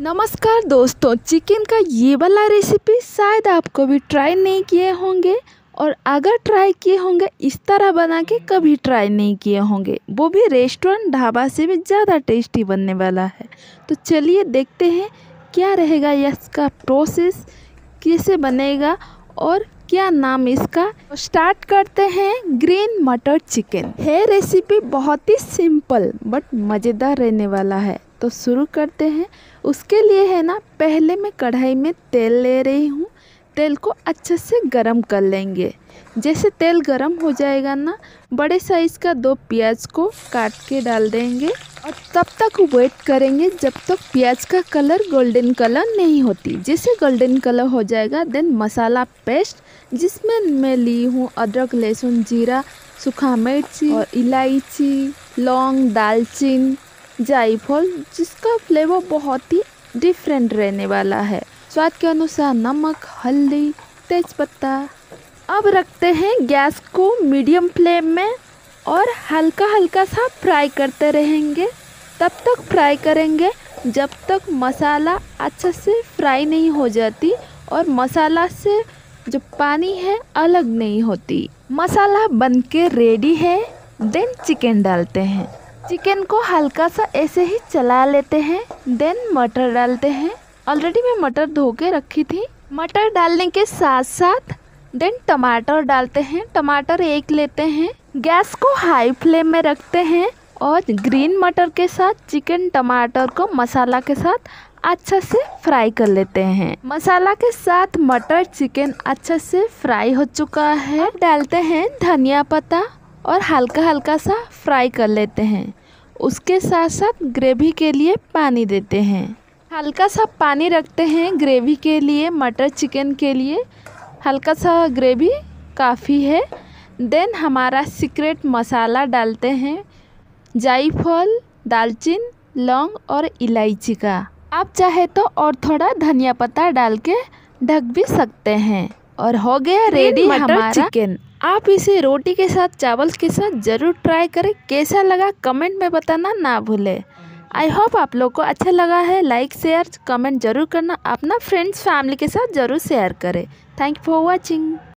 नमस्कार दोस्तों चिकन का ये वाला रेसिपी शायद आप कभी ट्राई नहीं किए होंगे और अगर ट्राई किए होंगे इस तरह बना के कभी ट्राई नहीं किए होंगे वो भी रेस्टोरेंट ढाबा से भी ज़्यादा टेस्टी बनने वाला है तो चलिए देखते हैं क्या रहेगा इसका प्रोसेस कैसे बनेगा और क्या नाम इसका तो स्टार्ट करते हैं ग्रीन मटर चिकन है रेसिपी बहुत ही सिंपल बट मज़ेदार रहने वाला है तो शुरू करते हैं उसके लिए है ना पहले मैं कढ़ाई में तेल ले रही हूँ तेल को अच्छे से गरम कर लेंगे जैसे तेल गरम हो जाएगा ना बड़े साइज़ का दो प्याज को काट के डाल देंगे और तब तक वेट करेंगे जब तक प्याज का कलर गोल्डन कलर नहीं होती जैसे गोल्डन कलर हो जाएगा देन मसाला पेस्ट जिसमें मैं ली हूँ अदरक लहसुन जीरा सूखा मिर्ची और इलायची लौंग दालचीनी जायफल जिसका फ्लेवर बहुत ही डिफरेंट रहने वाला है स्वाद के अनुसार नमक हल्दी तेज़पत्ता अब रखते हैं गैस को मीडियम फ्लेम में और हल्का हल्का सा फ्राई करते रहेंगे तब तक फ्राई करेंगे जब तक मसाला अच्छा से फ्राई नहीं हो जाती और मसाला से जो पानी है अलग नहीं होती मसाला बन के रेडी है देन चिकन डालते हैं चिकन को हल्का सा ऐसे ही चला लेते हैं देन मटर डालते हैं ऑलरेडी मैं मटर धो के रखी थी मटर डालने के साथ साथ देन टमाटर डालते हैं टमाटर एक लेते हैं गैस को हाई फ्लेम में रखते हैं और ग्रीन मटर के साथ चिकन टमाटर को मसाला के साथ अच्छा से फ्राई कर लेते हैं मसाला के साथ मटर चिकन अच्छा से फ्राई हो चुका है डालते हैं धनिया पत्ता और हल्का हल्का सा फ्राई कर लेते हैं उसके साथ साथ ग्रेवी के लिए पानी देते हैं हल्का सा पानी रखते हैं ग्रेवी के लिए मटर चिकन के लिए हल्का सा ग्रेवी काफ़ी है देन हमारा सीक्रेट मसाला डालते हैं जायफल दालचीन लौंग और इलायची का आप चाहे तो और थोड़ा धनिया पत्ता डाल के ढक भी सकते हैं और हो गया रेडी हमारा चिकन आप इसे रोटी के साथ चावल के साथ ज़रूर ट्राई करें कैसा लगा कमेंट में बताना ना भूलें आई होप आप लोग को अच्छा लगा है लाइक शेयर कमेंट जरूर करना अपना फ्रेंड्स फैमिली के साथ ज़रूर शेयर करें थैंक यू फॉर वॉचिंग